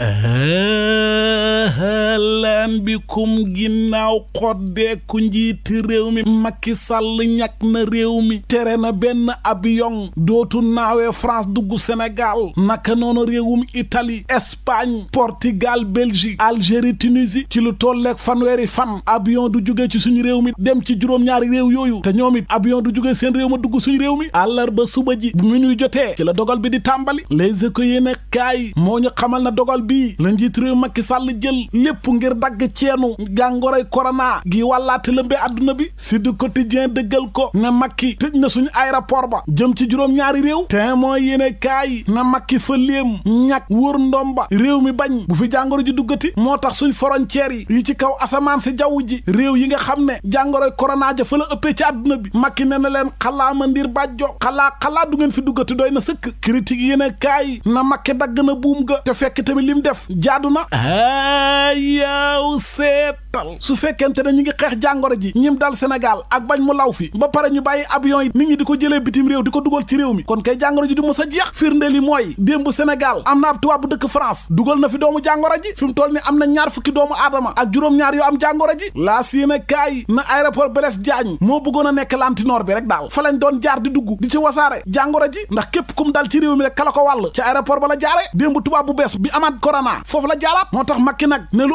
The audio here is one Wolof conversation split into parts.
Ah an bi kum ginnaaw xoddeeku njiiti réew mi Macky Sall ñàkk na réew mi tere na benn abiyon dootu naawee France dugg Sénégal naka noonu réewum Italie Espagne Portugal Belgique Algérie Tunisie ci lu tolleeg fanweeri fan abiyon du jóge ci suñu réew mi dem ci juróom-ñaari réew yooyu te ñoom it abiyon du jóge seen réew ma dugg suñu réew mi àllarba suba ji bu mu nuy jotee ci la dogal bi di tàmbali les écoles yéen a moo ñu xamal na dogal bii la njiit réew Macky ak ceenu jàngoroy korona gi wàllaate lëmbee àdduna bi si du quotidien dëggal ko ne makki tëj na suñu aéroport ba jëm ci juróom-ñaari réew te mooy yéene kaay na makki fa léem ñàkk wër ndom ba réew mi bañ bu fi jàngoro ji duggati moo tax suñ frontières yi yi ci kaw asamaan si jaww ji réew yi nga xam ne jàngoroy korona ja fa la ëppee ci àdduna bi makki ne na leen xalaa ma ndir bàjjo xalaa xalaa du ngeen fi duggati doy na sëkk critique yéene kaay na makki dagg na buum ga te fekk tamit lim def jaadu yow seet tal su fekkente ne ñu ngi xeex jàngoro ji ñim dal Sénégal ak bañ mu law fi ba pare ñu bàyyi avion yi nit ñi di ko jëlee bitim réew di ko dugal ci réew mi kon kay jàngoro ji du mos a jeex firnde li mooy démb Sénégal am na ab tubaab bu dëkk France dugal na fi doomu jàngoro ji fi mu toll ni am na ñaar fukki doomu aadama ak juróom-ñaar yoo am jàngoro ji laas yéene kaay na aéroport Blaise Diagne moo bëggoon a nekk lantinoor bi rek daal fa lañ doon jaa di dugg di ci wasaare jàngoro ji ndax képp kum dal ci réew mi rek kala bu bees bi amaat corona foofu la jaaraat moo tax Macky nag ne lu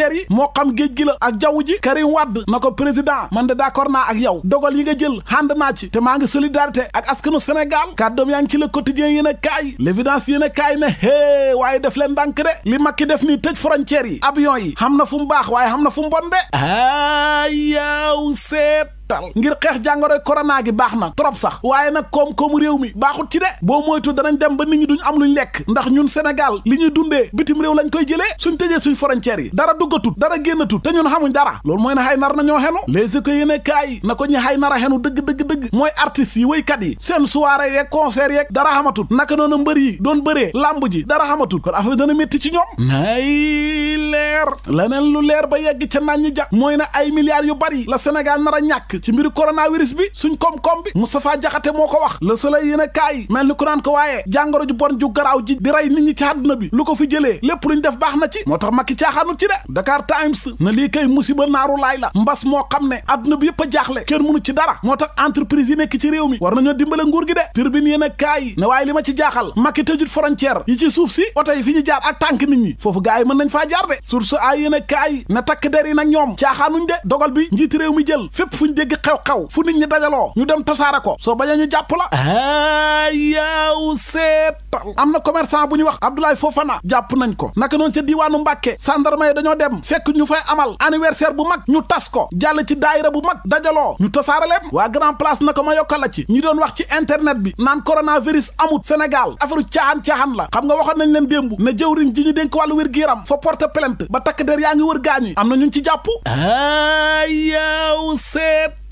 frontières yi moo xam géej gi la ak jaww ji Karim Wade na ko président man de d'accord naa ak yow dogal yi nga jël ànd naa te maa ngi solidarité ak askanu Sénégal kàddoom yaa ngi ci le quotidien yéen a kaay l'évidence yéen a kaay ne hee waaye def leen ndànk de li Macky def nii tëj frontières yi avion yi xam na fu mu baax waaye xam na fu mu bon de ayaw seet tal ngir xeex jàngoroy corona gi baax na trop sax waaye nag koom-koomu réew mi baaxut ci de boo moytu danañ dem ba nit ñi duñ am luñ lekk ndax ñun Sénégal li ñuy dundee bitim réew lañ koy jëlee suñ tëjee suñ frontières yi dara duggatut dara génnatut te ñun xamuñ dara loolu mooy na xay nar na ñoo xenu les écoles yéene kaay na ko ñi xay nar a dëgg dëgg dëgg mooy artistes yi waykat yi seen soirée yeeg concert yeeg dara xamatut naka noonu mbër yi doon bëree lamb ji dara xamatut kon affaire dana métti ci ñoom nay leneen lu leer ba yegg ca naan ñi jàk mooy na ay milliards yu bari la Sénégal nar a ñàkk ci mbiru coronavirus bi suñ koom-koom bi Moustapha Diakhaté moo ko wax Le Soleil yéen a kaay mel ni ku naan ko waaye jàngoro ju bon ju garaaw ji di rey nit ñi ci àdduna bi lu ko fi jëlee lépp luñ def baax na ci moo tax Macky caaxaanut ci de Dakar Times na lii kay musiba naaru laay la mbas moo xam ne àdduna bi yëpp a jaaxle kenn mënu ci dara moo tax entreprise yi nekk ci réew mi war nañoo dimbale nguur gi de turbine yéen a kaay ne waaye li ma ci jaaxal Macky tëjut frontière ci suuf si oto fi ñu jaar ak tànk nit ñi foofu gaay mën nañ faa jaar de source yéen a kaay ne takk der yi nag ñoom caaxaanuñ de dogal bi njiit réew mi jël fépp fu ñu dégg xew-xew fu nit ñi dajaloo ñu dem tasaare ko soo bañee ñu jàpp la a yaaw am na commerçant bu ñu wax Abdoulaye Fofana jàpp nañ ko naka noon ca diiwaanu Mbàkke sandarma yi dañoo dem fekk ñu fay amal anniversaire bu mag ñu tas ko jàll ci daayira bu mag dajaloo ñu tasaare leen waa grand place na ko ma yokkal la ci ñi doon wax ci internet bi naan coronavirus amut Sénégal affaire caaxaan caaxaan la xam nga waxoon nañ leen démb ne jëwriñ ji ñu yaram fa porte plainte takk der yaa ngi wër gaañ yi am na ñun ci jàpp ayaw ah,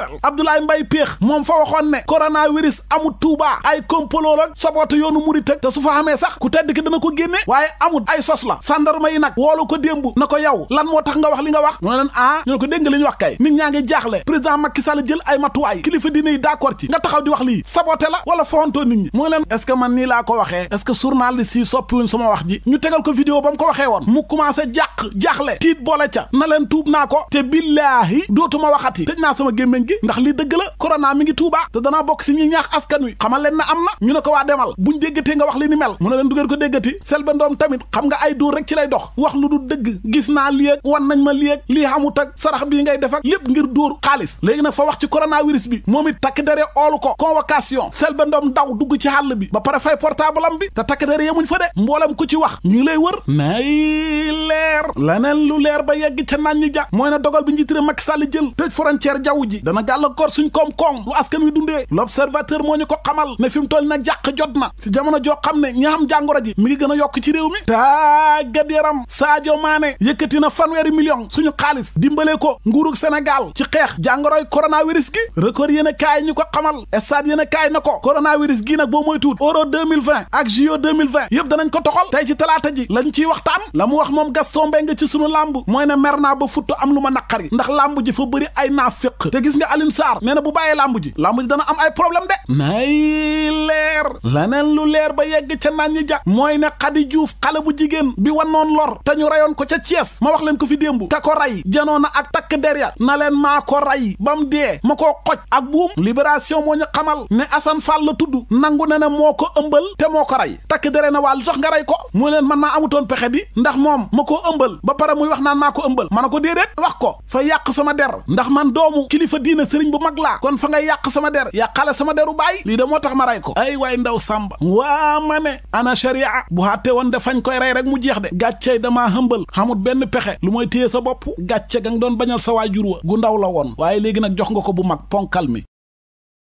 jàng Abdoulaye Mbaye Péex moom fa waxoon ne coronavirus amut Touba ay kompaloo la saboote yoonu murit ak te su fa amee sax ku tedd ki dana ko génne waaye amut ay sos la sandarma yi nag woolu ko démb na ko yow lan moo tax nga wax li nga wax mu ne leen ah ñu ne ko dégg nga li ñu wax kay nit ñaa ngi jaaxle président Macky Sall jël ay matuwaay kilifa diine yi d'accord ci nga taxaw di wax lii saboote la wala fontoo nit ñi mu ne leen est man nii laa ko waxee est-ce que journaliste yi soppiwuñ sama wax ji ñu tegal ko vidéo ba mu ko waxee woon mu commencé jàq jaaxle tiit boole ca na leen tuub naa ko te billaahi dootuma waxati tëj naa sama gémmiñ gi ndax li dëgg la corona mi ngi Touba te danaa bokk si ñuy ñaax askan wi xamal leen na am na ñu ne ko waa demal buñ déggatee nga wax li ni mel mu ne leen du ngeen ko déggati Selbé Ndom tamit xam nga ay dóor rek ci lay dox wax lu du dëgg gis naa lii ak wan nañ ma lii ak lii xamut ak sarax bii ngay def ak lépp ngir dóor xaalis léegi nag fa wax ci coronavirus bi moom it takk dere oolu ko convocation Selbé ndoom daw dugg ci xàll bi ba pare fay portable bi te takk dere yemuñ fa de mboolem ku ci wax ñu ngi lay wër nay leer laneen lu leer ba yegg ca naan ñi ja mooy na dogal bi njiitere Macky Sall jël tëj frontière jaww ji gàllankoor suñ koom-koom lu askan wi dundee l'observateur moo ñu ko xamal ne fi mu toll nag jàq jot na si jamono joo xam ne ñi xam jàngoro ji mi ngi gën a yokk ci réew mi tàggat yaram Sadio Mané yëkkati na fanweeri million suñu xaalis dimbale ko nguurug Sénégal ci xeex jàngoroy coronavirus gi record yéen a kaay ñu ko xamal stade na ko coronavirus boo mooy tuut euro 2020 ak JO 2020 yëpp danañ ko toxal tey ci talaata ji lañ ciy waxtaan la mu wax moom Gaston Mbengue ci sunu làmb mooy ne mer naa ba futt am ma naqari ndax làmb ji fa Alioune Sarr nee na bu bàyyee làmb ji làmb ji dana am ay problème de nay leer nen lu leer ba yegg ca naan ñi ja mooy ne Khady Diouf xale bu jigéen bi wannoon lor te ñu rayoon ko ca Thiès ma wax leen ko fi démb ka ko ray janoon na ak takk derya na leen maa ko ray ba mu dee ma koo xoj ak buum libération moo ñu xamal ne Assane Fall la tudd nangu ne ne moo ko ëmbal te moo ko rey takk dere na waa lu tax rey ko muy leen man maa amutoon pexe di ndax moom ma koo ëmbal ba pare muy wax naan maa ko ëmbal ma ne ko déedéet wax ko fa yàq sama der ndax sëriñ bu mag laa kon fa ngay yàq sama der yàqale sama deru baay lii de moo tax ma rey ko ay waay ndaw sàmba waa ma ne ana sharia bu xaate woon de fañ koy rey rek mu jeex de gàccey damaa hëmbal xamut benn pexe lu mooy téye sa bopp gàcce ga nga doon bañal sa waajur wa gu ndaw la woon waaye léegi nag jox nga ko bu mag ponkal mi